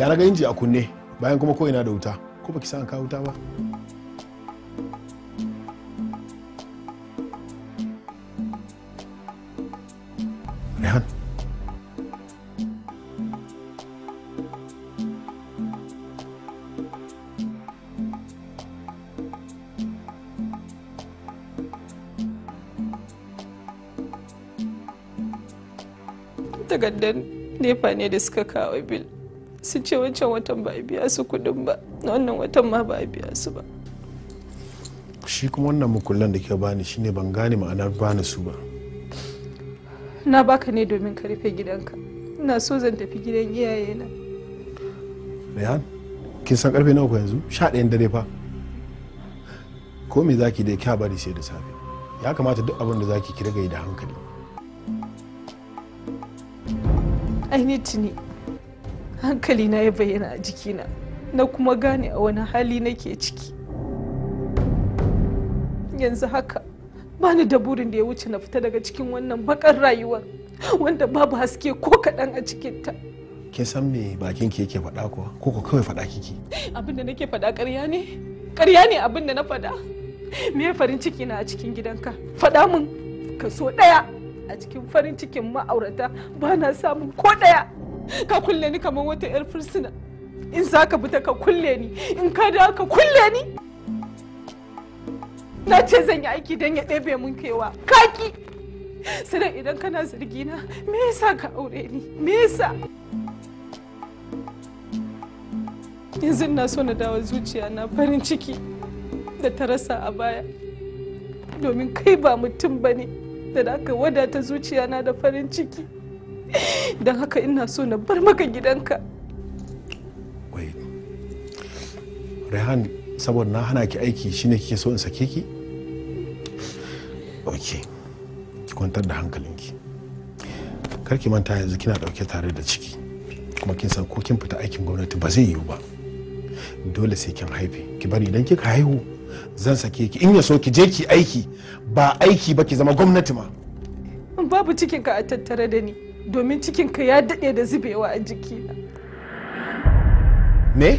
ya raga inji a kunne bayan kuma ko ina da wuta ko baki san an kawo wuta ba Rehan takardar nefa ne da suka kawo bil su ce wancan watan ba a biya su kuɗin ba wannan watan ma ba a biya su ba shi kuma wannan mukullan da ke bani shine ban gane ma'anar bani su ba na baka ne domin ka rufe gidanka ina so zan tafi gidan iyayena rehan kin san karfe nawa yanzu sha ɗayan dare fa ko me zaki da kya bari sai da safe ya kamata duk abin da zaki ki riga da hankali i need to hankali na ya bayyana a jikina na kuma gane a wani hali nake ciki yanzu haka bani da burin da ya wuce na fita daga cikin wannan bakar rayuwar wanda babu haske ko kaɗan a cikinta kin san me bakin ki yake faɗa kuwa ko ko kawai faɗa kiki abin da nake faɗa ƙarya ne ƙarya ne abin da na faɗa me farin ciki na a cikin gidanka faɗa min kaso ɗaya a cikin farin cikin ma'aurata ba na samun ko ɗaya ka kulle ni kamar wata 'yar fursuna in za ka fita ka kulle ni in ka da ka kulle ni na ce zan yi aiki don ya ɗebe mun kewa kaki sanan idan kana zargina me yasa ka aure ni me yasa yanzu na so na dawo zuciya na farin ciki da ta rasa a baya domin kai ba mutum ba ne da aka wadata zuciya na da farin ciki don haka ina so na bar maka gidanka wai rehan saboda na hana ki aiki shine kike so in sake ki ok ki kwantar da hankalinki kar manta yanzu kina dauke tare da ciki kuma kin san ko kin fita aikin gwamnati ba zai yiwu ba dole sai kin haife ki bari idan kika haihu zan sake ki in ya so ki je ki aiki ba aiki ba ki zama gwamnati ma babu cikinka a tattare da ni domin cikinka ya daɗe da zubewa a jikina. Me?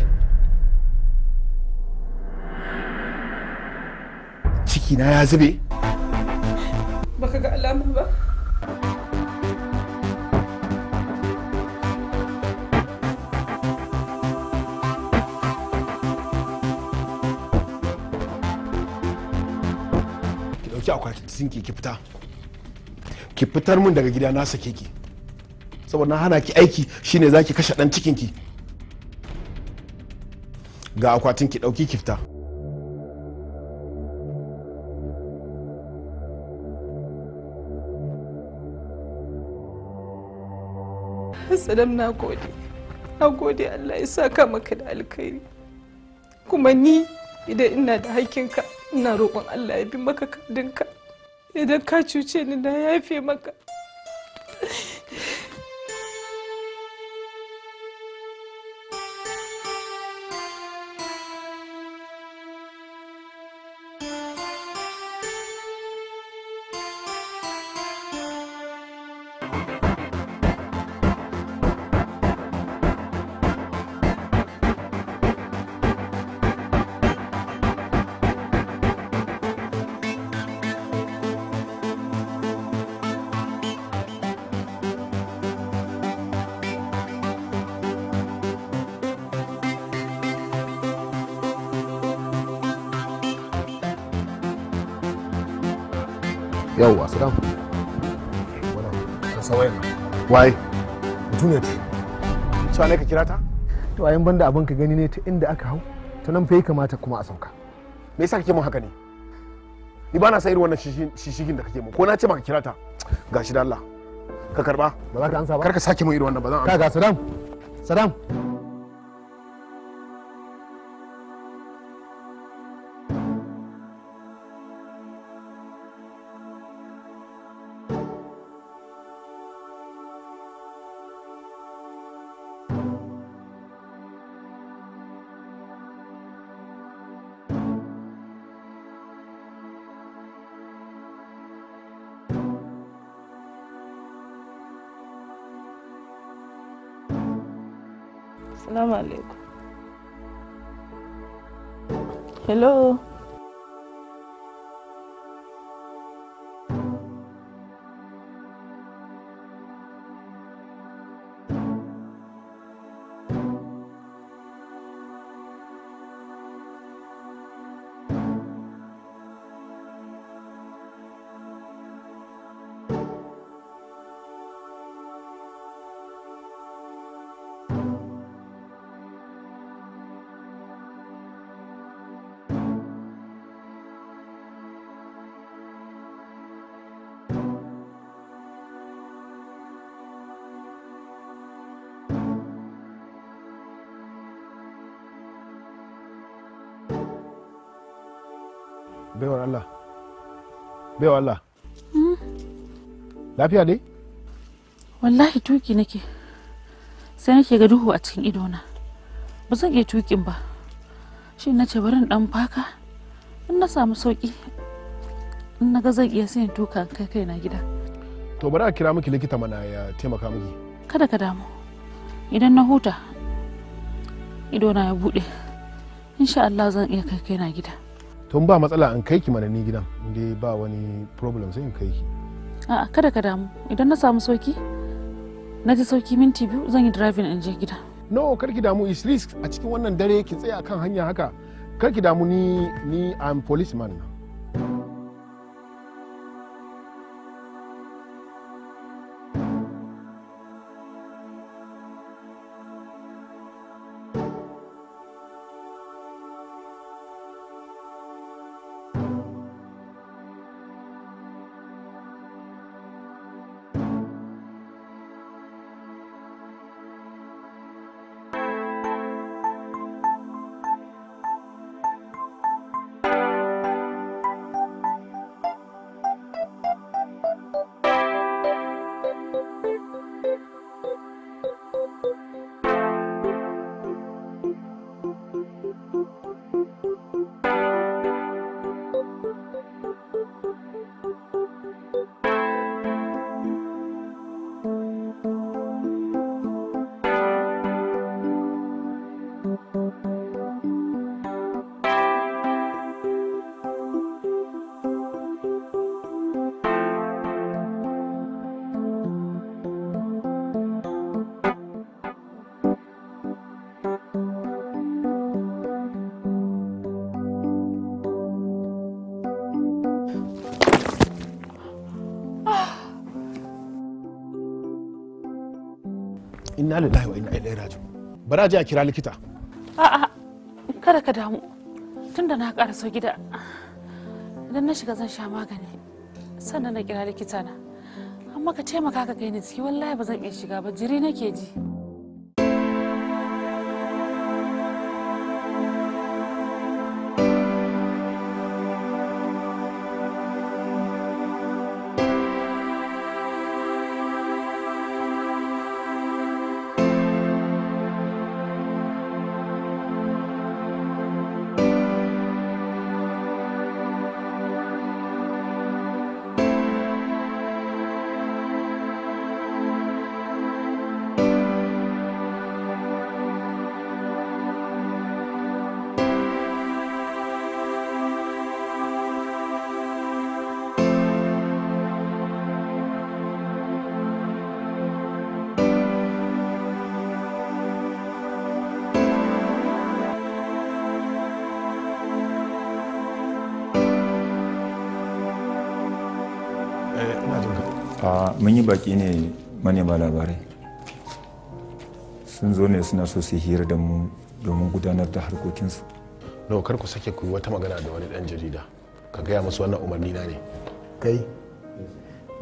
Cikina ya zube? Baka ga alamun ba? Ki ɗauki akwatin ki fita. Ki fitar mun daga gida na sake ki. saboda hana ki aiki shine zaki kashe dan cikin ki ga akwatin ki dauki kifta Sadam na gode, na gode Allah ya saka maka da alkhairi. Kuma ni idan ina da hakinka ina roƙon Allah ya bi maka kadinka. Idan ka cuce ni na yafe maka. Wai? ce. Cewa ne ka kira ta? To ayin banda abin ka gani ne ta inda aka hau, ta nan fai kamata kuma a sauka. Me yasa kake mun haka ne? Ni ba na sa irin wannan shishigin da kake mun. Ko na ce maka kira ta? Gashi da Allah. Ka karba. Ba za ka ansa ba. Kar ka sake mun irin wannan ba zan ansa. Ka ga Saddam. Saddam. bai wallah hmm? lafiya ne wallahi tuki nake sai nake ga duhu a cikin idona ba zan iya tukin ba shi na ce barin dan faka in na samu sauki in na ga zan iya sai tuka kai kai na gida to bari a kira miki likita mana ya taimaka miki kada ka damu idan na huta idona ya bude insha Allah zan iya kai kai na gida tun ba matsala an kai ki mana ni gidan inda ba wani problem sai in kai ki a'a kada ka damu idan na samu sauki na ji sauki minti biyu zan yi driving in je gida no kar ki damu is risk a cikin wannan dare ki tsaya akan hanya haka kar ki damu ni ni am policeman na inna lillahi wa inna ilaihi raji'un bara je a kira likita a'a kada ka damu tunda na karaso gida idan na shiga zan sha magani sannan na kira likita na amma ka taimaka ka kai ni ciki wallahi ba zan iya shiga ba jiri nake ji ni baki ne manema labarai sun zo ne suna so su hira da mu domin gudanar da harkokinsu no kar ku sake ku yi wata magana da wani dan jarida ka gaya musu wannan umarni na ne kai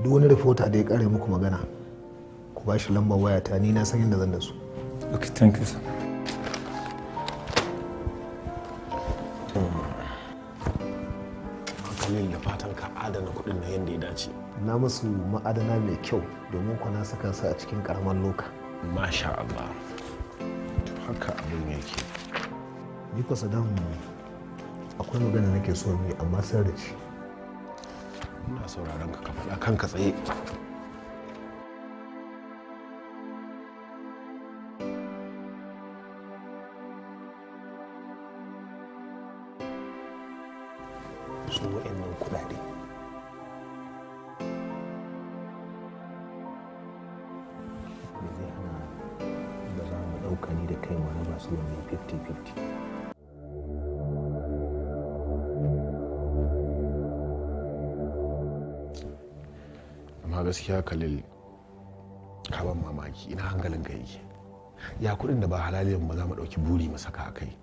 duk wani rifota da ya kare muku magana ku ba shi lambar ta ni na san yadda zan da su okay thank you sir na musu ma'adana mai kyau domin kwana saka su a cikin karamar loka masha Allah haka abin yake ni kwa sadan akwai magana nake so mu amma sai da ci ina sauraron ka ka kanka tsaye ya kalil kaban mamaki ina hankalin ka yake ya kudin da ba halali ba za mu dauki buri mu saka a kai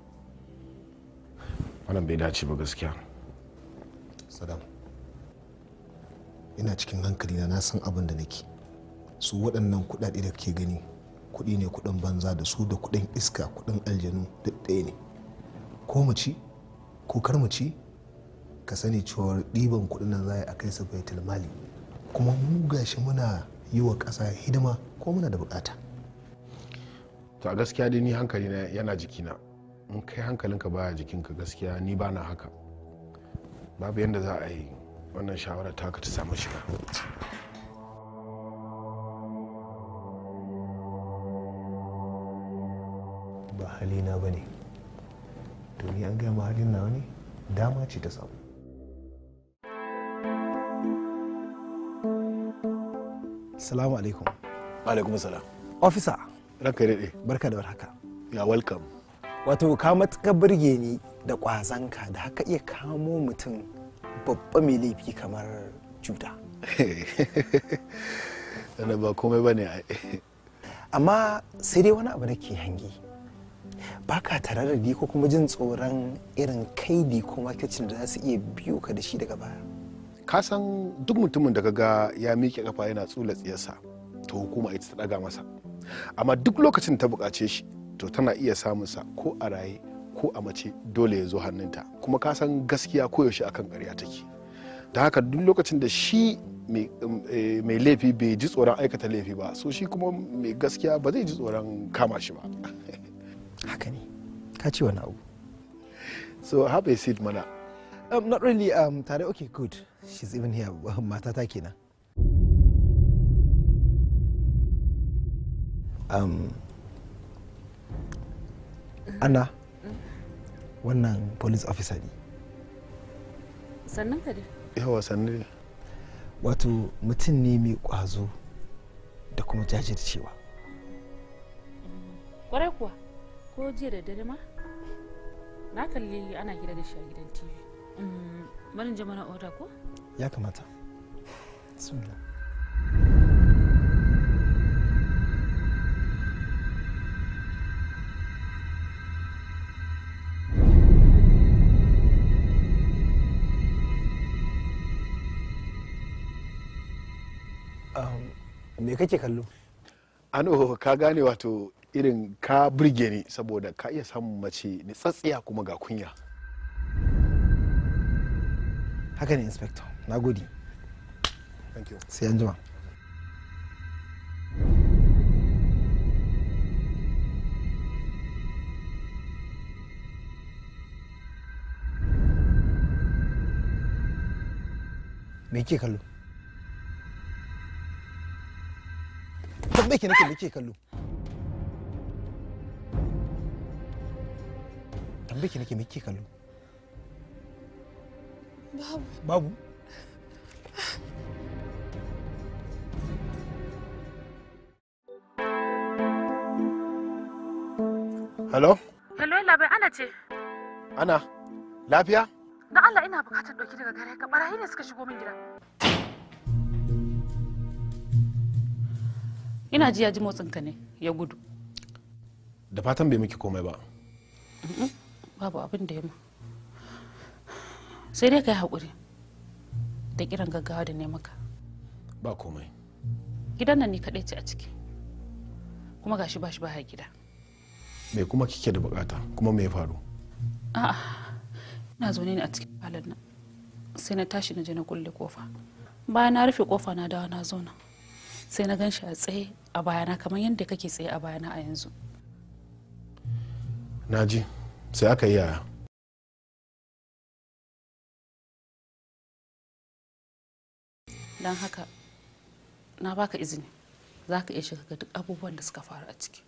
wannan bai dace ba gaskiya sadam ina cikin hankali na na san abin da nake su waɗannan kuɗaɗe da ke gani kuɗi ne kuɗin banza da su da kuɗin iska kuɗin aljanu duk ɗaya ne ko mu ci ko kar mu ci ka sani cewa ɗiban kuɗin nan za a kai su baitul mali kuma mu gashi muna yi wa ƙasa hidima ko muna da bukata to a gaskiya dai ni hankali na yana jikina in kai hankalinka baya jikinka gaskiya ni ba na haka babu yadda za a yi wannan shawara ka ta samu shiga ba halina ba ne to ni an gaya ma halin nawa ne dama ce ta samu Salamu alaikum. Alaikum salam. ofisa. Ranka daɗe. Barka da warhaka. Ya welcome. Wato ka matuka burge ni da ƙwazanka da haka iya kamo mutum babba mai laifi kamar juda. Tana ba komai ba ne Amma sai dai wani abu da ke hangi. Ba ka tare da ko kuma jin tsoron irin kaidi ko makicin da za su iya biyo ka da shi daga baya. ka san duk mutumin da ga ya miƙe kafa yana tsula tsiyarsa to hukuma ita ta ɗaga masa amma duk lokacin ta buƙace shi to tana iya samun sa ko a raye ko a mace dole ya zo hannunta kuma ka san gaskiya koyaushe akan ƙarya take da haka duk lokacin da shi eh, mai laifi bai ji tsoron aikata laifi ba so shi kuma mai gaskiya ba zai ji tsoron kama shi ba haka ne ka ce wani abu so have a seat mana um, not really um, tare okay good she's even here matata kenan um, ana wannan police officer ne sannan ka dai yawa sannan dai wato mutum ne mai kwazo da kuma jajircewa kwarai kuwa ko jiya da dare ma na kalli ana gida da shi a gidan tv Manin jama'a order ko ya kamata bismillah me kake kallo ano ka gane wato irin ka burge ni saboda ka iya samun mace ni tsatsiya kuma ga kunya haka ne inspector na gode sai an jima me ke kallo tambaye ke nake me ke kallo tambaye ke nake me ke kallo babu babu Hello? Hello, labai ana ce. Ana, lafiya? Da Allah ina bukatar ɗauki daga gare ka barayi ne suka shigo min gida. Ina ji ya ji ka ne, ya gudu. Da fatan bai miki komai ba. Babu abin da ya Sai dai ka yi haƙuri da kiran gaggawa da ne maka. Ba komai. Gidan nan ni kaɗai ce a ciki. Kuma gashi ba shi ba gida. mai kuma kike da bukata kuma me ya faru a'a ina zaune ne a cikin halin nan sai na tashi na je na kulle kofa bayan na rufe kofa na dawo na zauna sai na gan shi a tsaye a bayana kamar yadda kake tsaye a bayana a yanzu na ji sai aka yi yaya don haka na baka izini za ka iya shiga ga duk abubuwan da suka faru a ciki.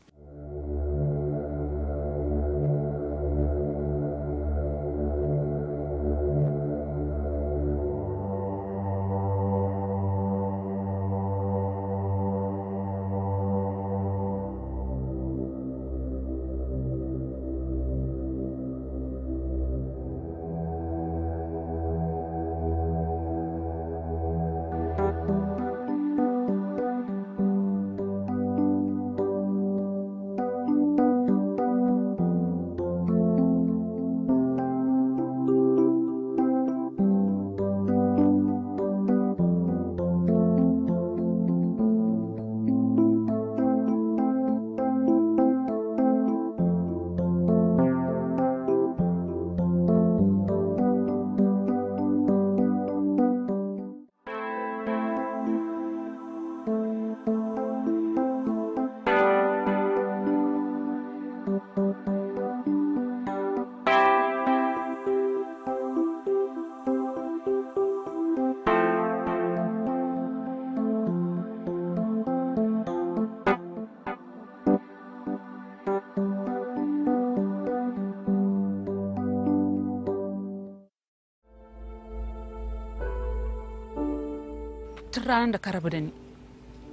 ranar da ka rabu da ni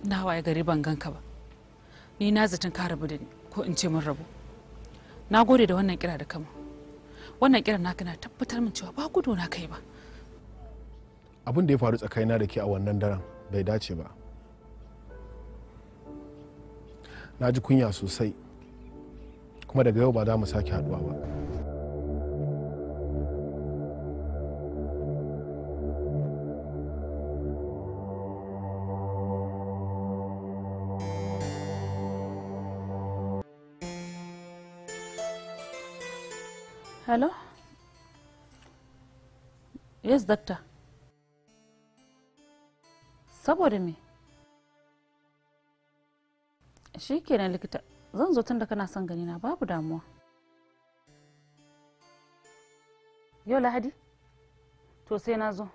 na waye gari ban ganka ba ni na zaton ka rabu da ni ko in ce mun rabu na gode da wannan kira da kama wannan kira naka na tabbatar min cewa ba gudu na kai ba abin da ya faru tsakanina da ke a wannan daren bai dace ba na ji kunya sosai kuma daga yau ba za mu sake haduwa ba hello yes doctor saboda me shi kenan likita zan zo tun da kana son gani na babu damuwa yau lahadi to sai na zo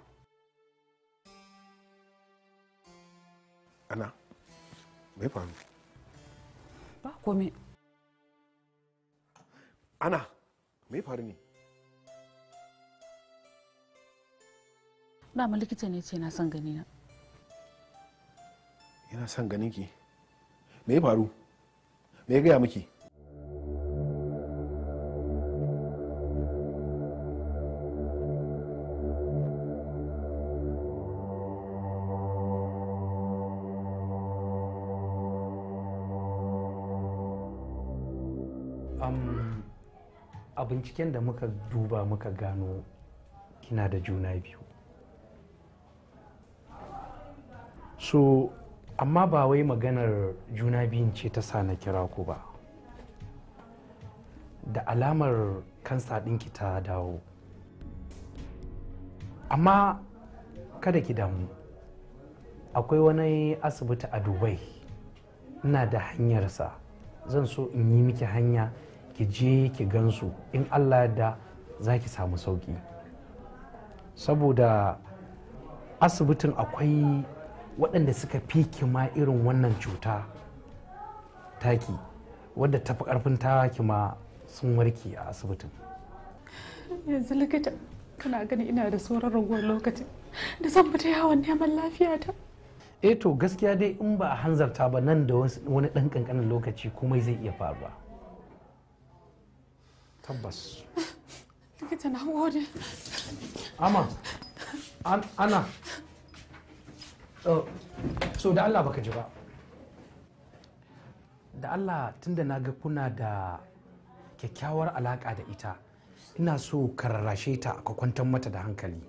ana me faru ba komai ana me faru ne dama likita ne ce na son gani na yana son ganin ki me ya faru me ya gaya miki binciken da muka duba muka gano kina da juna biyu so amma ba wai maganar juna biyun ce ta sa na kira ku ba da alamar kansa ɗinki ta dawo amma kada ki damu akwai wani asibiti a dubai ina da hanyarsa zan so in yi miki hanya ki je ki gan su in allah da za ki samu sauki saboda asibitin akwai waɗanda suka fi kima irin wannan cuta taki wadda ta fi ƙarfin ta kima sun warke a asibitin yanzu likita kana gani ina da sauran ragowar lokacin da zan fita yawon neman lafiyata eh to gaskiya dai in ba a hanzarta ba nan da wani ɗan ƙanƙanin lokaci komai zai iya faruwa tabbas likita na gode ama ana oh, so da allah baka ji ba da allah tunda na ga kuna da kyakkyawar alaka da ita ina so ka rarrashe ta ka kwantar mata da hankali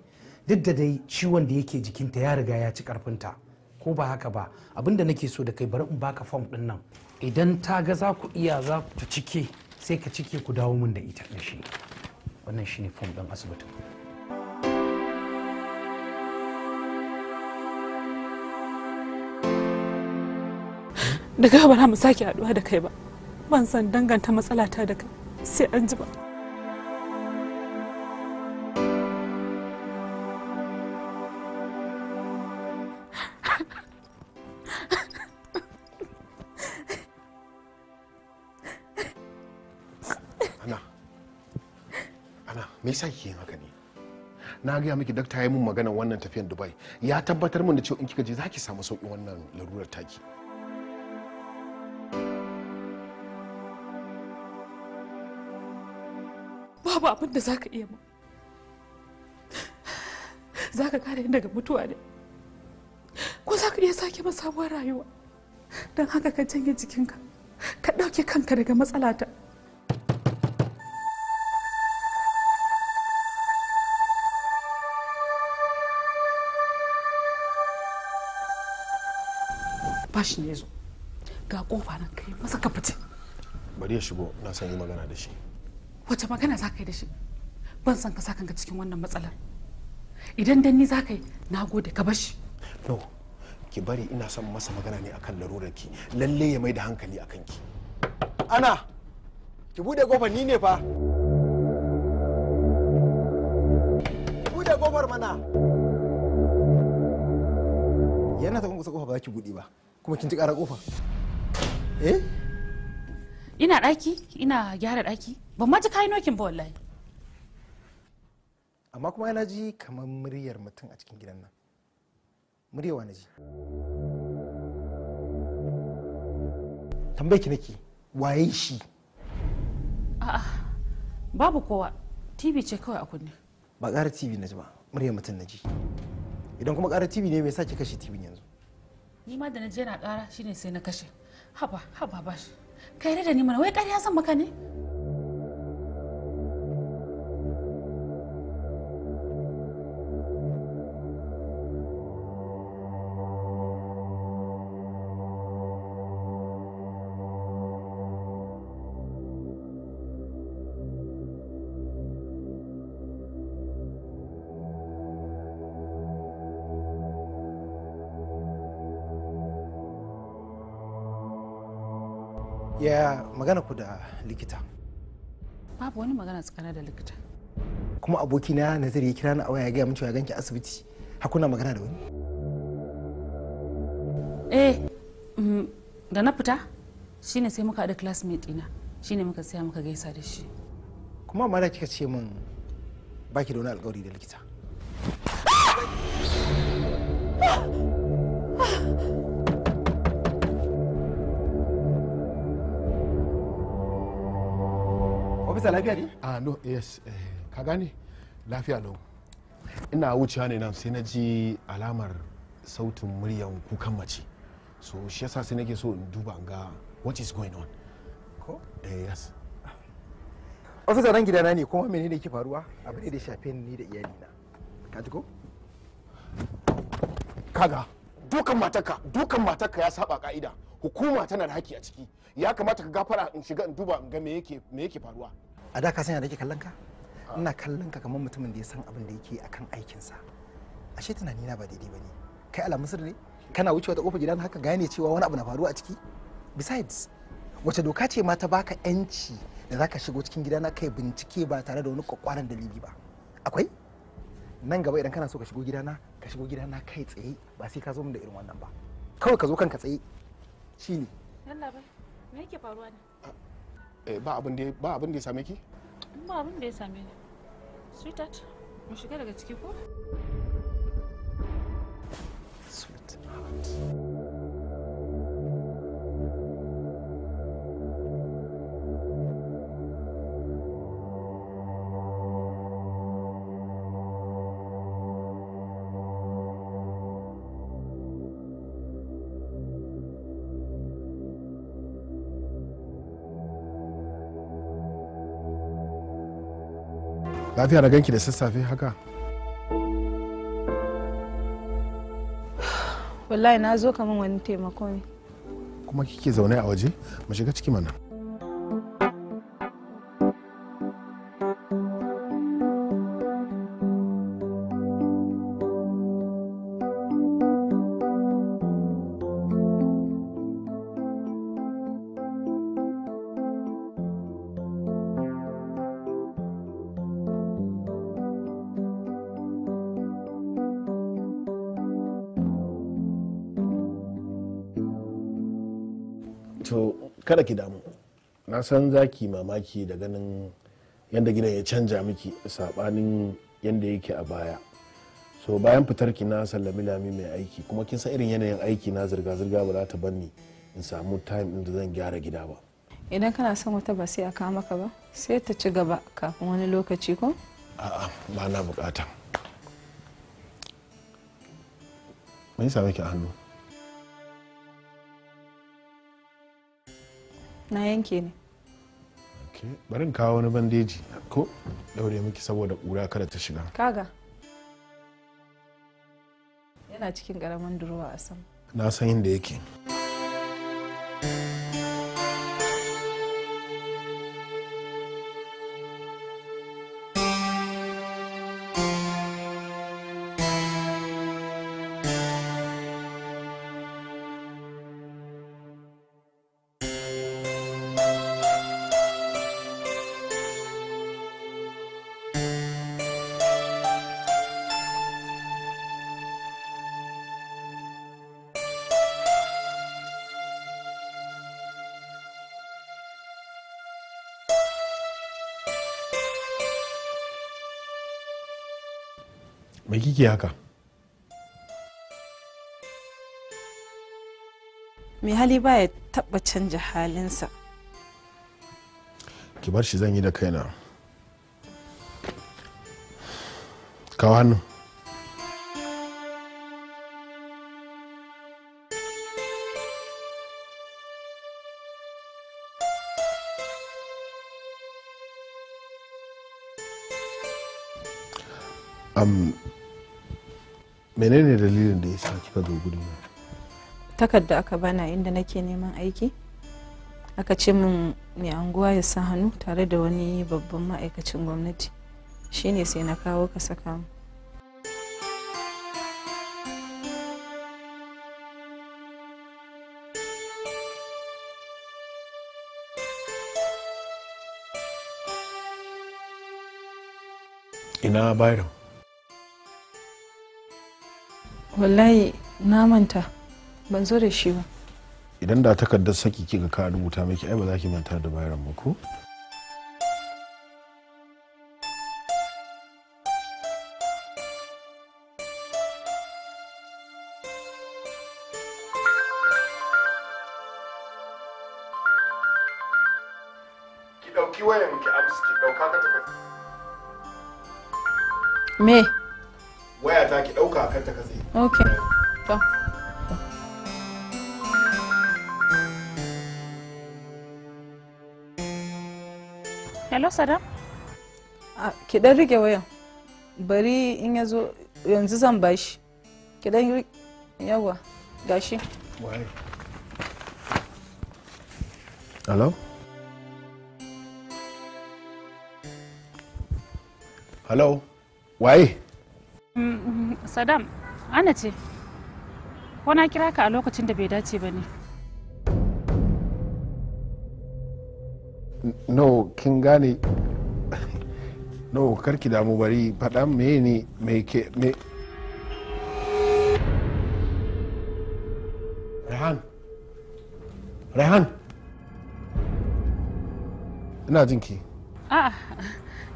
duk da dai ciwon da yake jikinta ya riga ya ci karfinta ko ba haka ba abinda nake so da kai bari in baka fom din nan idan ta ga za ku iya za ku cike sai ka cike ku dawo min da ita da shi wannan shine fom ɗin asibitin daga ba mu sake haɗuwa da kai ba ban san danganta matsalata da kai sai an ji ba me yasa kike yin haka ne na gaya miki dakta ya mun magana wannan tafiyan dubai ya tabbatar min da cewa in kika je za ki samu sauki wannan larurar taki babu abin da za ka iya ma za ka kare daga mutuwa ne ko za ka iya sake min sabuwar rayuwa don haka ka janye jikinka ka ɗauke kanka daga matsalata tashin ya ga kofa nan kai masa ka fita bari ya shigo na san yi magana da shi wace magana za ka yi da shi ban san ka sa kanka cikin wannan matsalar idan dan ni za ka yi na gode ka bashi. shi no ki bari ina son masa magana ne akan larurar ki lalle ya mai da hankali akan ki ana ki bude kofar ni ne fa bude kofar mana yana ta kusa kofa ba ki bude ba kuma kin ji ƙara ƙofa eh ina ɗaki ina gyara ɗaki ban ma ji kayi nokin ba wallahi amma kuma yana ji kamar muryar mutum a cikin gidan nan wa na ji tambayi ki nake waye shi a'a babu kowa tv ce kawai a kunne ba ƙara tv na ji ba muryar mutum na ji idan kuma ƙara tv ne me yasa ki kashe tv yanzu ni ma da na je na ƙara shine sai na kashe haba haba bashi kai da ni mana wai ƙarya zan maka ne ya magana ku da likita babu wani magana tsakana da likita kuma abokina nazari ya kira ni a waya ya gaya min cewa ya ganki asibiti hakuna magana da wani eh mm, da na fita shine sai muka haɗa classmate ɗina shine muka saya muka gaisa da shi kuma amma da kika ce min baki da wani alkawari da likita bisa lafiya ne ah no yes eh, ka gane lafiya lau ina wucewa ne nan sai na ji alamar sautin muryan kukan mace so shi yasa sai nake so in duba ga what is going on ko eh yes ofisa ran gidana ne kuma da ke faruwa abu ne da shafe ni da na. ka ji ko kaga dukan matarka dukan matarka ya saba ka'ida hukuma tana da haƙƙi a ciki ya kamata ka gafara in shiga in duba in ga me yake faruwa a da ka sanya da ke kallon ka ina kallon ka kamar mutumin da ya san abin da yake akan aikinsa ashe tunani na ba daidai ne. kai ala sirri ne kana wucewa ta kofar gidan haka gane cewa wani abu na faruwa a ciki besides wace doka ce ma ta baka yanci da zaka shigo cikin gidana kai bincike ba tare da wani kwakwaran dalili ba akwai nan gaba idan kana so ka shigo gidana ka shigo gidana kai tsaye ba sai ka zo min da irin wannan ba kawai ka zo kanka tsaye shine yalla bai me yake faruwa ne Eh, ba abin da ba ya same ki ba abin da ya same ni sweetheart mu shiga daga ciki ko sweetheart lafiya da ganki da sassafe haka wallahi na zo kamar wani taimako ne kuma kike zaune a waje mu shiga ciki mana kada ki damu na san za ki mamaki da ganin yadda gidan ya canja miki sabanin yadda yake a baya so bayan fitar ki na sallami lami mai aiki kuma kin san irin yanayin aiki na zirga-zirga ba za ta banni in samu time din da zan gyara gida ba idan kana son wata ba sai a kama maka ba sai ta ci gaba kafin wani lokaci ko a'a ba na bukata mai sa a hannu na yanke ne barin kawo wani bandeji ko daure miki saboda ƙura kada ta shiga kaga yana cikin ƙaramin durowa a sama na san inda yake kike haka mai hali ba ya taba canja halinsa ki bar shi zan yi da kaina kawo hannu um, menene dalilin da ya sa kika zo guri takarda aka bana inda nake neman aiki aka ce min mai anguwa ya sa hannu tare da wani babban ma'aikacin gwamnati shine sai na kawo ka saka mu ina bayram wallahi na manta ban zo da shi ba idan da takardar saki kika ka rubuta miki ai ba za ki manta da bayaran ba ko ki dan rike wayan bari in ya zo yanzu zan bashi ki dan yawa gashi hello hello waye mm-hmm. sadam ana ce wana kira ka a lokacin da bai dace ba ne no kin gane no karki damu bari faɗa mene mai ke me rehan rehan ina jin ki. a'a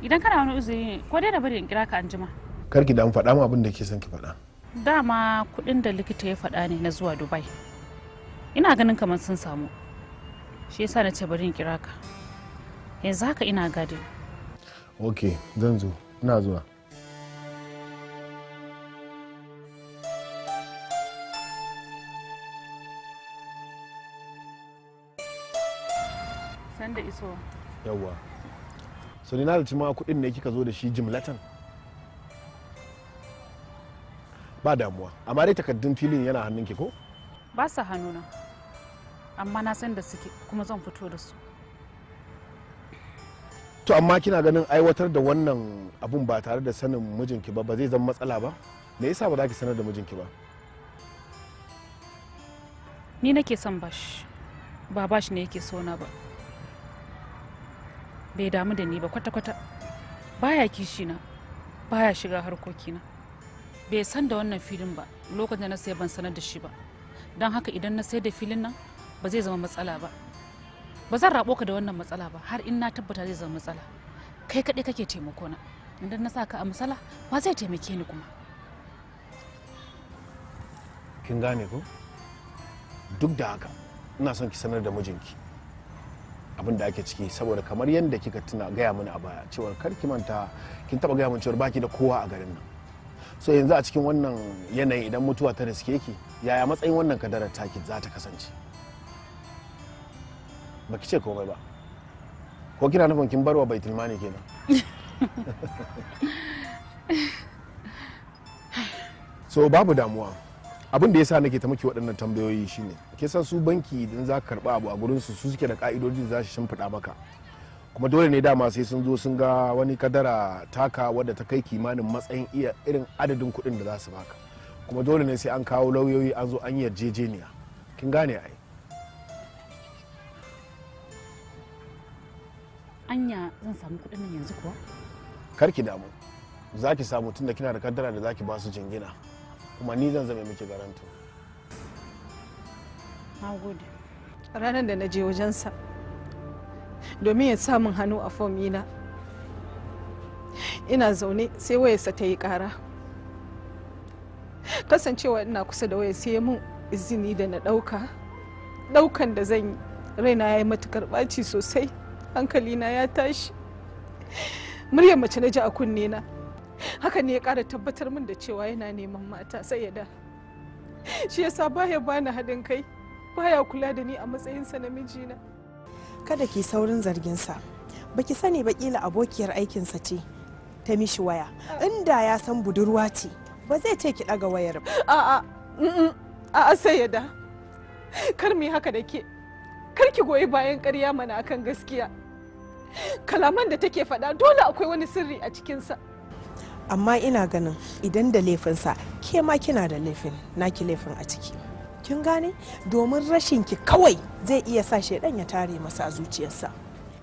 idan kana wani uzuri ko dai da bari in kira ka anjima karki damu faɗa mu abin da ke son ki faɗa dama kuɗin da likita ya faɗa ne na zuwa dubai ina ganin kamar sun samu shi yasa na ce bari in kira ka yanzu haka ina gadi ok zan zo ina zuwa sanda iso yawwa so ni na da ma kudin ne kika zo da shi jimlatan ba damuwa amma dai takaddun filin yana hannunki ko ba su hannuna amma na san da suke kuma zan fito da su to amma kina ganin aiwatar da wannan abun ba tare da sanin mijinki ba ba zai zama matsala ba me yasa ba za ki sanar da mijinki ba ni nake son bash ba bash ne yake sona ba bai damu da ni ba kwata-kwata baya kishi na baya shiga harkokina bai san da wannan filin ba lokacin da na sai ban sanar da shi ba don haka idan na sai da filin nan ba zai zama matsala ba ba zan rabo ka da wannan matsala ba har in na tabbata zai zama matsala kai kaɗai kake taimako na idan na sa ka a matsala ba zai taimake ni kuma kin gane ko duk da haka ina son ki sanar da mijinki abin da ake ciki saboda kamar yadda kika tuna gaya mini a baya cewar kar ki manta kin taba gaya min cewar baki da kowa a garin nan so yanzu a cikin wannan yanayi idan mutuwa ta riske ki yaya matsayin wannan kadarar taki za ta kasance baki ce komai ba ko kina nufin kin barwa baitul mali kenan so babu damuwa abin da yasa nake ta miki waɗannan tambayoyi shine ke san su banki idan za ka karba abu a gurin su su suke da ka'idojin za su shimfiɗa maka kuma dole ne dama sai sun zo sun ga wani kadara taka wadda ta kai kimanin matsayin iya irin adadin kuɗin da za su baka kuma dole ne sai an kawo lauyoyi an zo an yarjejeniya kin gane ai hanya zan samu kuɗin nan yanzu kuwa karki damu za ki samu tunda kina da kaddara da za ki ba su jingina kuma ni zan zame miki garanto na gode ranar da na je wajensa domin ya samun hannu a fomina ina zaune sai wayarsa ta yi ƙara kasancewa ina kusa da waya sai ya mun izini da na ɗauka ɗaukan da zan yi raina ya yi matukar ɓaci sosai hankalina ya tashi muryar mace na ji a kunne na haka ne ya kara tabbatar min da cewa yana neman mata sai ya da shi yasa baya bani haɗin kai baya kula da ni a matsayinsa na mijina kada ki saurin zarginsa baki sani ba kila abokiyar aikinsa ce ta mishi waya inda ya san budurwa ce ba zai ce ki ɗaga wayar ba a a'a sai ya da kar mu yi haka da ke kar ki goyi bayan ƙarya mana akan gaskiya kalaman da take faɗa dole akwai wani sirri a cikinsa amma ina ganin idan da laifinsa ke ma kina da laifin naki laifin a ciki kin gane domin rashin ki kawai zai iya sa shaidan ya tare masa a zuciyarsa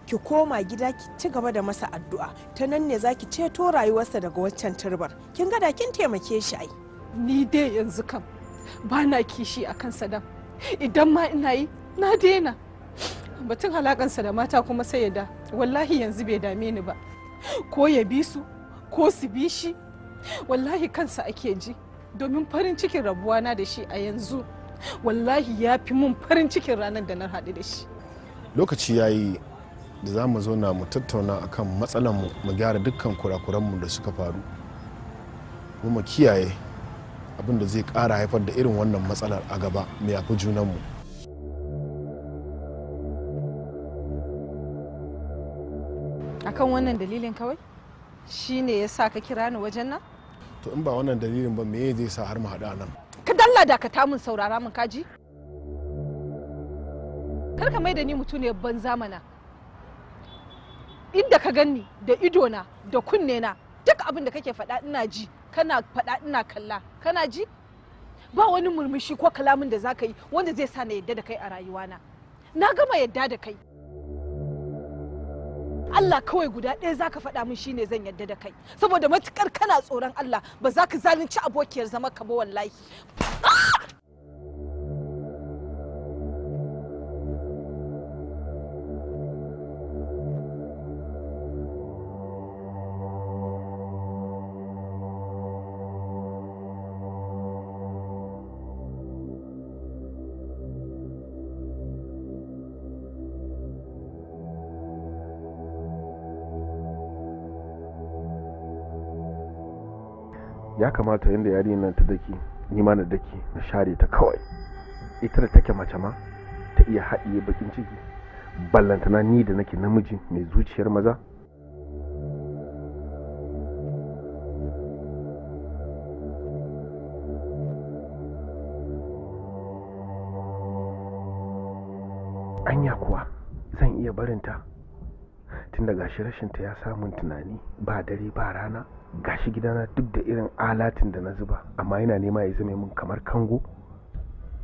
ki koma gida ki ci gaba da masa addu'a ta nan ne zaki ceto rayuwarsa daga waccan turbar kin gada kin taimake shi ai ni dai yanzu kam ba na kishi akan sadam idan ma ina yi na daina batun halakansa da mata kuma sai ya da wallahi yanzu bai dame ni ba ko ya bi su ko su bi shi wallahi kansa ake ji domin farin cikin rabuwa na da shi a yanzu wallahi ya fi mun farin cikin ranar da na haɗu da shi lokaci ya yi da za mu zauna mu tattauna akan matsalar mu gyara dukkan kurakuranmu da suka faru kuma kiyaye abin da zai ƙara haifar da irin wannan matsalar a gaba mu yafi junanmu akan wannan dalilin kawai shi ne ya sa ka kira ni wajen nan to in ba wannan dalilin ba me zai sa har mu haɗu a nan ka dalla da ka tamun saurara mun kaji kar ka mai da ni mutune ban zamana inda ka ganni da idona da kunne na duk abin da kake faɗa ina ji kana faɗa ina kalla kana ji ba wani murmushi ko kalamin da za ka yi wanda zai sa na yadda da kai a rayuwana na gama yadda da kai Allah kawai guda ɗaya zaka faɗa min shine zan yadda da kai saboda matukar kana tsoron Allah ba za ka zalunci abokiyar zama ka ba wallahi ya kamata yadda yarinyar nan ta daki ni ma na daki na share ta kawai ita da take mace ma ta iya haɗiye bakin ciki ballantana ni da nake namiji mai zuciyar maza anya kuwa zan iya barinta tun daga shi rashinta ya samun tunani ba dare ba rana gashi gidana duk da irin alatin da na zuba amma yana nema ya zame min kamar kango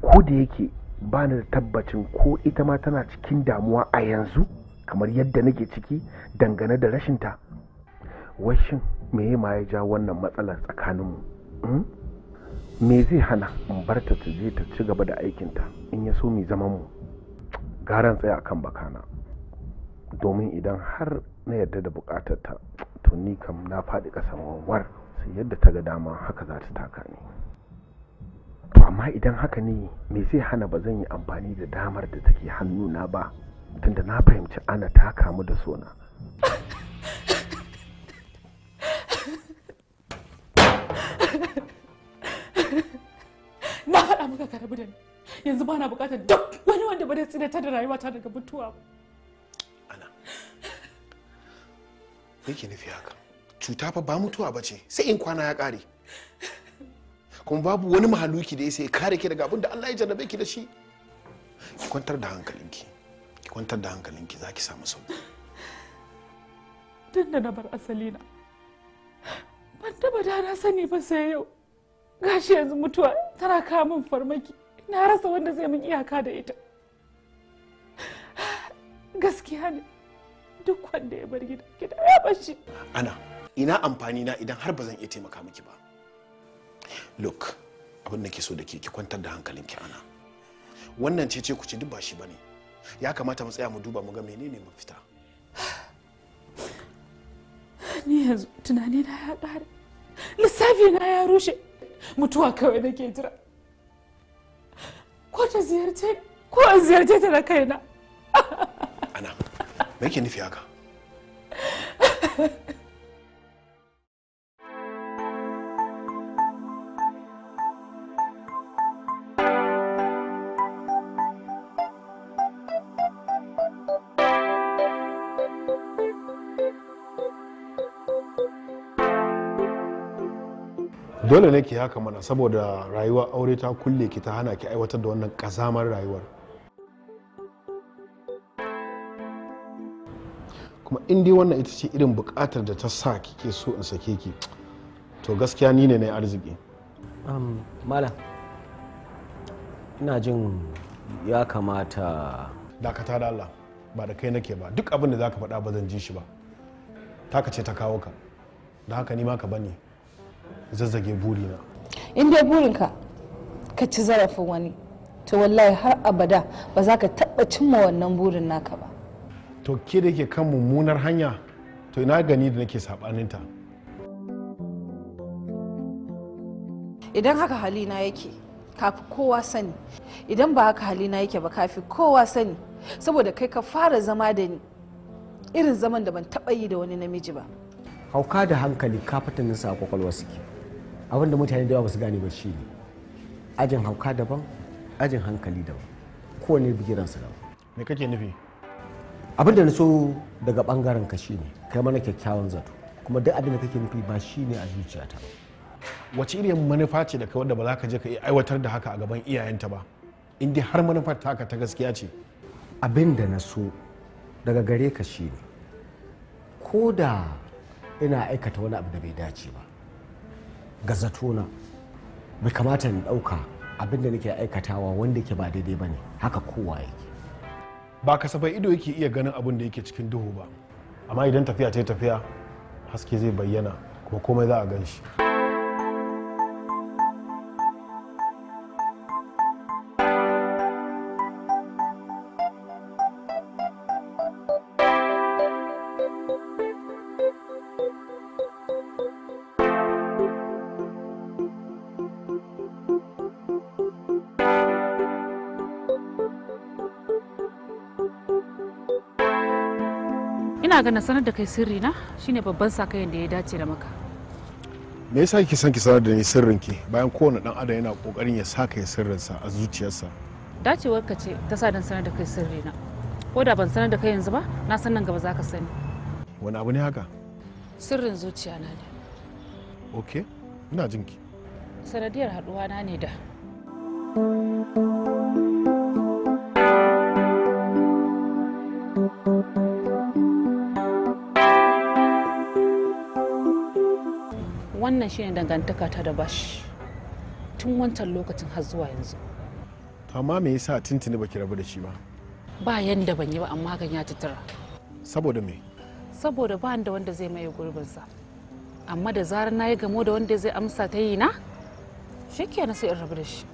ko da yake ba da tabbacin ko ita ma tana cikin damuwa a yanzu kamar yadda nake ciki dangane da rashinta washin me ma ya ja wannan matsalar tsakaninmu hmm? me zai hana in bar ta ta je ta ci gaba da aikinta in ya so mai zaman mu garan tsaya akan bakana domin idan har na yarda da bukatarta to ni kam na faɗi ƙasan wanwar sai yadda ta ga dama haka za ta taka ni to amma idan haka ne me zai hana ba zan yi amfani da damar da take hannu na ba tunda na fahimci ana ta kamu da sona na haɗa maka karabu da ni yanzu ba na bukatar duk wani wanda ba da ta da rayuwata daga mutuwa ba me ke nufi haka cuta fa ba mutuwa ba ce sai in kwana ya kare kuma babu wani mahaluki da ya sai kare ki daga abin da Allah ya jarrabe ki da shi ki kwantar da hankalinki ki kwantar da hankalinki za ki samu sauki tun da na bar asali na ban taba da sani ba sai yau gashi yanzu mutuwa tana kawo min farmaki na rasa wanda zai min iyaka da ita gaskiya ne duk wanda ya bar gida gida ya bar shi ana ina amfani na idan har ba zan iya taimaka miki ba look abin da ke so da ke ki kwantar da hankalin ki ana wannan ce ce ku ci duk ba shi bane ya kamata mu tsaya mu duba mu ga menene mafita ni yanzu tunani na ya ƙare lissafi na ya rushe mutuwa kawai nake jira ko ta ziyarce ko ziyarce ta da kaina me yake nufi haka dole ne ki haka mana saboda rayuwar aure ta kulle ki ta hana ki aiwatar da wannan kazamar rayuwar kuma in dai wannan ita ce irin buƙatar da ta sa kike so in sake ki to gaskiya ni ne na arziki malam ina jin ya kamata dakata da Allah ba da kai nake ba duk abin da za ka faɗa ba zan ji shi ba taka ce ta kawo ka da haka ni ma ka bani zazzage burina in dai burinka ka ci zarafin wani to wallahi har abada ba za ka taɓa cimma wannan burin naka ba to ke da ke kan mummunar hanya to ina gani da nake saɓaninta idan haka halina yake kafi kowa sani idan ba haka halina yake ba kafi kowa sani saboda kai ka fara zama da ni irin zaman da ban taba yi da wani namiji ba hauka da hankali ka fatanin sa kwakwalwa suke abinda mutane da yawa ba su gane ba shine ajin hauka daban ajin hankali daban kowane bigiransa daban me kake nufi abin da na so daga bangaren ka shine kai mana kyakkyawan zato kuma duk abin da kake nufi ba shine a zuciyata ba wace irin manufa ce da kai wanda ba za ka je ka aiwatar da haka a gaban iyayenta ba in dai har manufar taka ta gaskiya ce abin da na so daga gare ka shine ko da ina aikata wani abu da bai dace ba ga na bai kamata in ɗauka abin da nake aikatawa wanda ke ba daidai ba ne haka kowa yake ba kasafai ido yake iya ganin abin da yake cikin duhu ba amma idan tafiya ta yi tafiya haske zai bayyana kuma komai za a gan shi. ina ganin sanar da kai sirri na shine babban sakayen da ya dace da maka me yasa kike son ki sanar da ni sirrin ki bayan kowane dan adam yana kokarin ya saka ya sirrinsa a zuciyarsa dacewar ka ce ta sa dan sanar da kai sirri na ko da ban sanar da kai yanzu ba na san nan gaba zaka sani wani abu ne haka sirrin zuciya na ne okay ina jinki sanadiyar haduwa na ne da thank you wannan shine dangantaka ta da bashi tun wancan lokacin har zuwa yanzu to amma me yasa tintini baki rabu da shi ba ba yanda ban yi ba amma hakan ya tattara saboda me saboda ba da wanda zai maye sa amma da zarar na yi gamo da wanda zai amsa ta yi na na sai in rabu da shi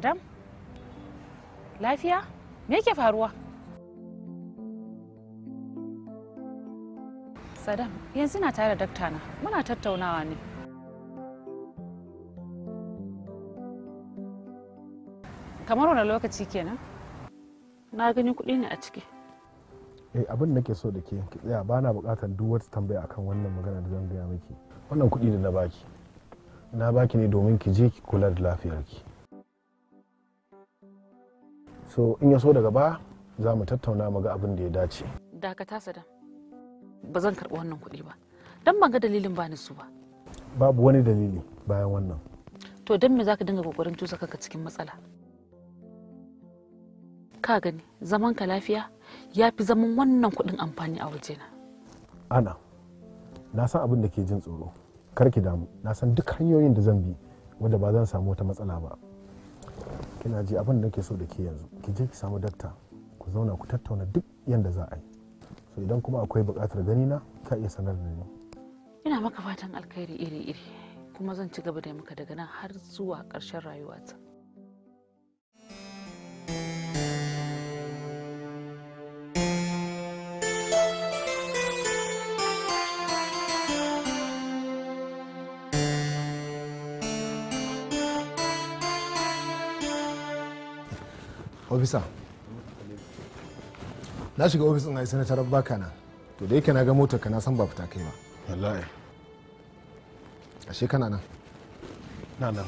madam lafiya me yake faruwa sadam yanzu na tare da dakta na muna tattaunawa ne kamar wani lokaci kenan na gani kuɗi ne a ciki eh abin nake so da ke ki tsaya ba na buƙatar duk wata tambaya akan wannan magana da zan gaya miki wannan kuɗi da na baki na baki ne domin ki je ki kula da lafiyarki so in ya so daga ba za mu tattauna mu ga abin da ya dace dakata sadam ba zan karɓi wannan kuɗi ba don ban ga dalilin ba ni su ba babu wani dalili bayan wannan to don me zaka dinga kokarin tusa kanka cikin matsala ka gani zaman ka lafiya ya fi zaman wannan kuɗin amfani a wajena ana na san abin da ke jin tsoro kar ki damu na san duk hanyoyin da zan bi wanda ba zan samu wata matsala ba kina ji abin da nake so da ke yanzu ki je ki samu dakta ku zauna ku tattauna duk yanda za a yi so idan kuma akwai buƙatar gani na ka iya sanar da ni ina maka fatan alkhairi iri-iri kuma zan ci gaba da yi maka daga nan har zuwa ƙarshen rayuwata ofisa na shiga ofis ɗin a isa na baka na to da yake na ga motar ka na san ba fita kai ba wallahi ashe kana nan na nan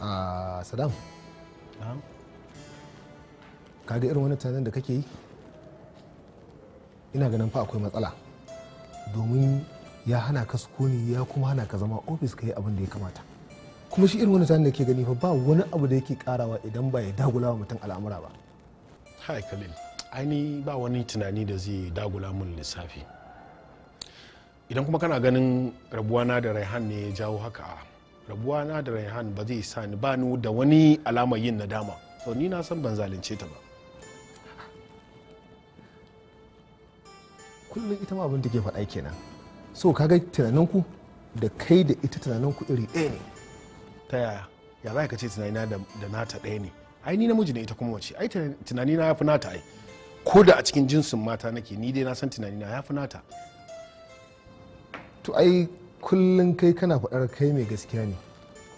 a ah, sadam ka ga irin wani tunanin da kake yi ina ganin fa akwai matsala domin ya hana ka sukuni ya kuma hana ka zama ofis ka yi abin da ya kamata kuma shi irin wani zanen da ke gani fa ba wani abu da yake karawa idan ba ya dagula wa mutum al'amura ba hai khalil aini ba wani tunani da zai dagula mun lissafi idan kuma kana ganin rabuwana da raihan ne ya jawo haka rabuwa rabuwana da raihan ba zai sa ni ba ni da wani alamar yin nadama to ni na san ban zalunce ta ba kullum ita ma abin da ke faɗa kenan so kaga tunaninku da kai da ita tunaninku iri ɗaya ne ta yaya ya za ka ce tunanina da nata ɗaya ne ai ni namiji ne ita kuma wace ai tunanina ya fi nata ai ko da a cikin jinsin mata nake ni dai na san tunanina ya fi nata to ai kullum kai kana faɗar kai mai gaskiya ne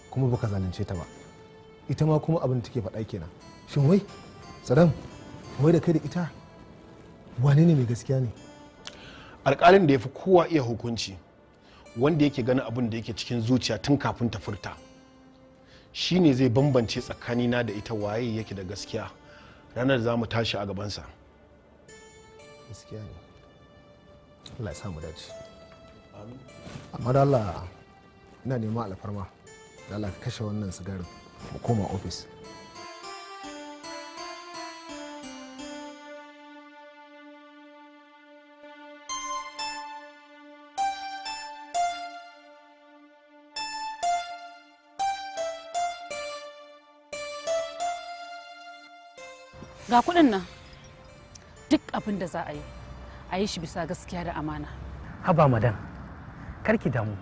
kuma baka zalunce ta ba ita ma kuma abin da take faɗa kenan shin wai sadam wai da kai da ita wane ne mai gaskiya ne alƙalin da ya fi kowa iya hukunci wanda yake ganin abin da yake cikin zuciya tun kafin ta furta shine zai bambance tsakanina da ita waye yake da gaskiya ranar za mu tashi a gabansa gaskiya ne allah ya samu dace amma da allah ina neman alfarma da allah ka kashe wannan sigarin mu koma ofis ga kudin nan duk abin da za a yi a yi shi bisa gaskiya da amana haba madan karki damu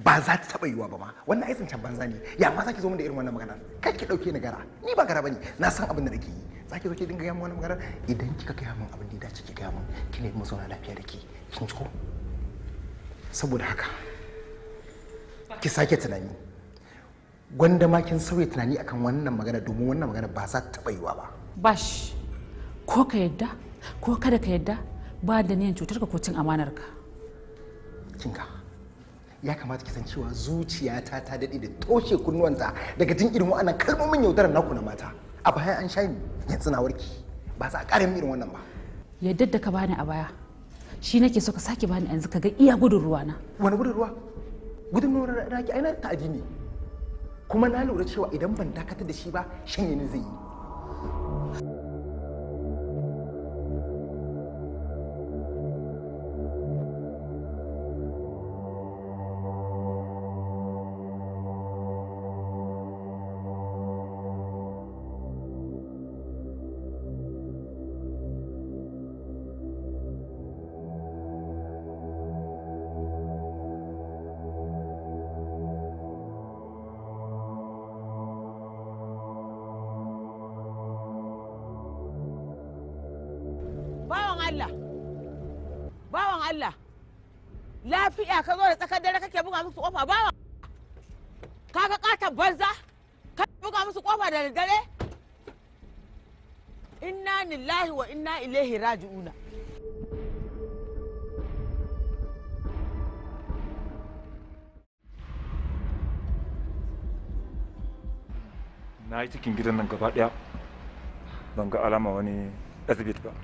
ba za ta taba yiwuwa ba ma wannan aisin can banza ne ya ma za ki zo min da irin wannan magana kar ki dauke ni gara ni ba gara bane na san abin da nake yi zaki ki zo ki dinga yamu wani magana idan kika gaya min abin da ya dace ki gaya min ki nemi mazauna lafiya da ki kin ko saboda haka ki sake tunani gwanda ma kin sauya tunani akan wannan magana domin wannan magana ba za ta taba yiwa ba bash ko ka yadda ko kada ka yadda ba da niyan cutar ka ko cin amanar ka ya kamata ki san cewa zuciyata ta daɗe da toshe kunnuwanta daga jin irin wa'annan kalmomin yaudarar naku na mata a baya an sha yanzu na warki ba za a ƙara irin wannan ba yadda da ka bani a baya shi nake so ka sake bani yanzu ka ga iya gudun ruwa na wani gudun ruwa gudun ruwa na raki ai na ta'adi ne kuma na lura cewa idan ban dakatar da shi ba shanye ni zai yi ka bawa ka ga banza ka buga musu kofa da daddare inna lillahi wa inna ilaihi raji'una na yi cikin gidan nan gaba daya ban ga alama wani azibit ba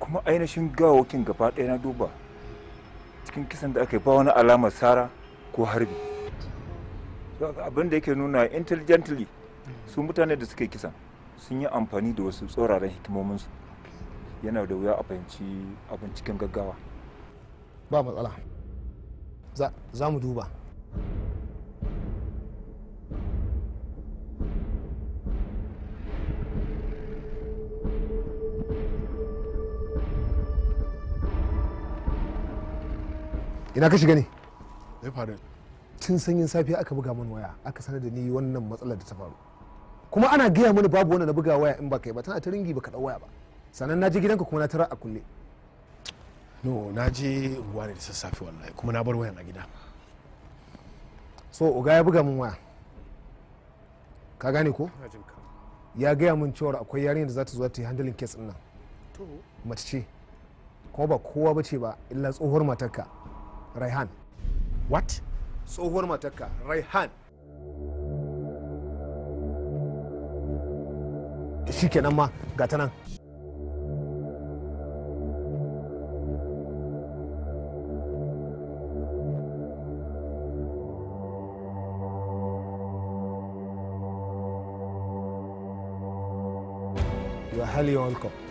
kuma ainihin gawokin gaba daya na duba cikin kisan da aka yi ba wani alamar sara ko harbi abin da yake nuna intelligently su mutane da suke kisan sun yi amfani da wasu tsoraren hikimominsu yana da wuya a fahimci abin cikin gaggawa ba matsala za mu duba ina ka shiga ne ya faru tun sanyin safiya aka buga min waya aka sanar da ni wannan matsalar da ta faru kuma ana gaya mani babu wanda na buga waya in ba kai ba tana ta ringi baka dau waya ba sannan na je gidanka kuma na tara a kulle no na je unguwa ne da sassafe wallahi kuma na bar wayan a gida so uga ya buga min waya ka gane ko ya gaya mun cewa akwai yarinyar da za ta zo ta yi handling case nan mace ce kuma ba kowa ba ce ba illa tsohuwar matarka raihan what tsohuwar matarka raihan shi kenan ma ga ta nan Yohali welcome.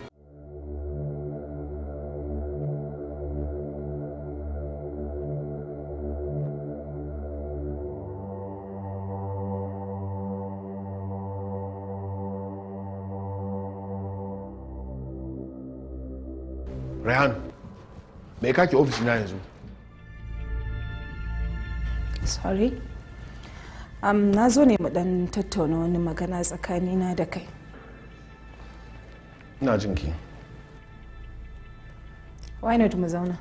ka ki ofis na yanzu sorry um, na zo ne mu dan tattauna wani magana tsakanina da kai ina jin ki why not mu zauna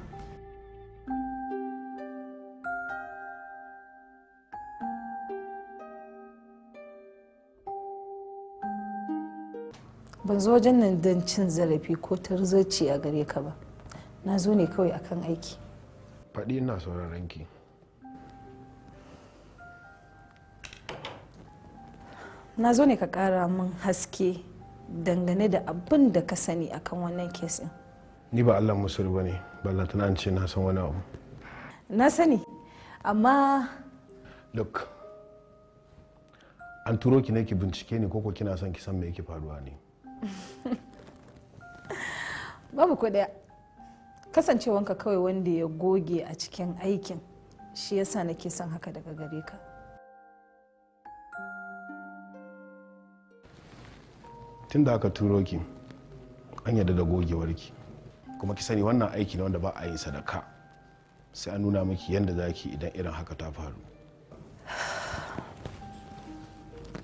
ban zo wajen nan don cin zarafi ko tarzarci a gare ka ba na zo ne kawai akan aiki faɗi ina sauraron ki na zo ne ka ƙara min haske dangane da abin da ka sani akan wannan kesin ni ba allah musul ba ne ballatan an ce na san wani abu na sani amma look an turo ki ne ki bincike ni koko kina son ki san me yake faruwa ne babu ko kasancewanka kawai wanda ya goge a cikin aikin shi yasa nake son haka daga gare ka tun da aka turo ki an yarda da gogewarki kuma ki sani wannan aiki ne wanda ba a yi sadaka sai an nuna miki yadda za ki idan irin haka ta faru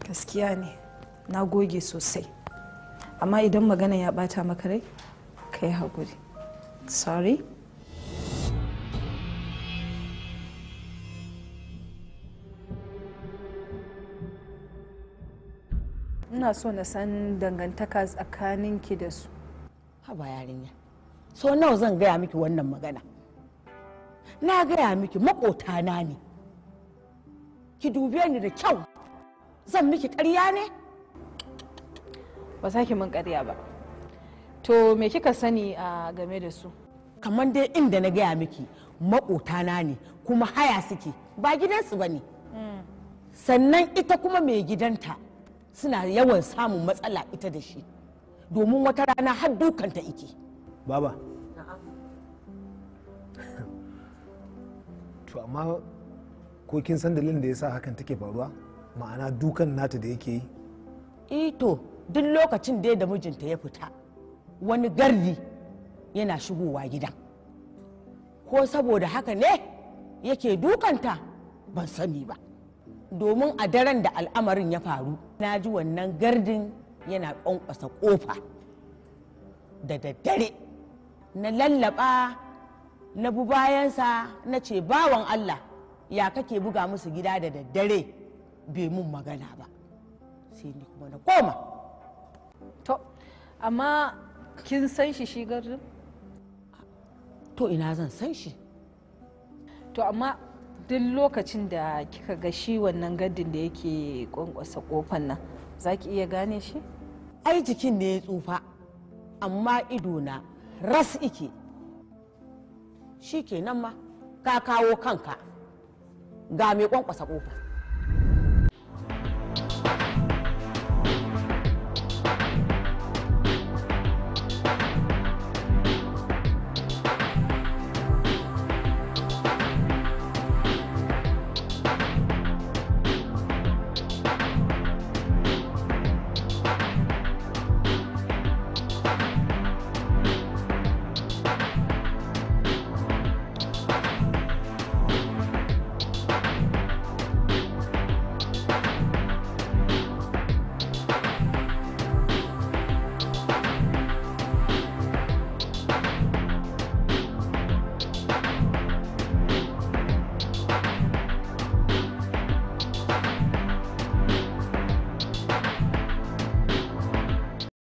gaskiya ne na goge sosai amma idan magana ya bata maka rai ka yi haƙuri Sorry? ina so na san dangantaka tsakaninki da su haba yarinya so nawa zan gaya miki wannan magana na gaya miki makotana ne ki dube ni da kyau zan miki ƙarya ne ba ki mun ƙarya ba to me kika sani a game da su kamar dai inda na gaya miki maƙotana ne kuma haya suke ba gidansu ba ne sannan ita kuma mai gidanta suna yawan samun matsala ita da shi domin wata rana har dukanta ike baba to amma ko kin san dalilin da yasa hakan take faruwa ma'ana dukan nata da yake yi ito duk lokacin da da mijinta ya fita wani gardi yana shigowa gidan ko saboda haka ne yake dukanta ban sani ba domin a daren da al'amarin ya faru na ji wannan gardin yana ƙwanƙwasa ƙofa da daddare na lallaba na bu bayansa na ce bawan allah ya kake buga musu gida da daddare bai mun magana ba sai ni kuma na koma to amma kin san shi shi garin to ina zan san shi to amma duk lokacin da kika ga shi wannan gadin da yake kwankwasa kofan nan za ki iya gane shi ai jikin ne ya tsufa amma idona ras ike shi kenan ma ka kawo kanka ga mai kwankwasa kofa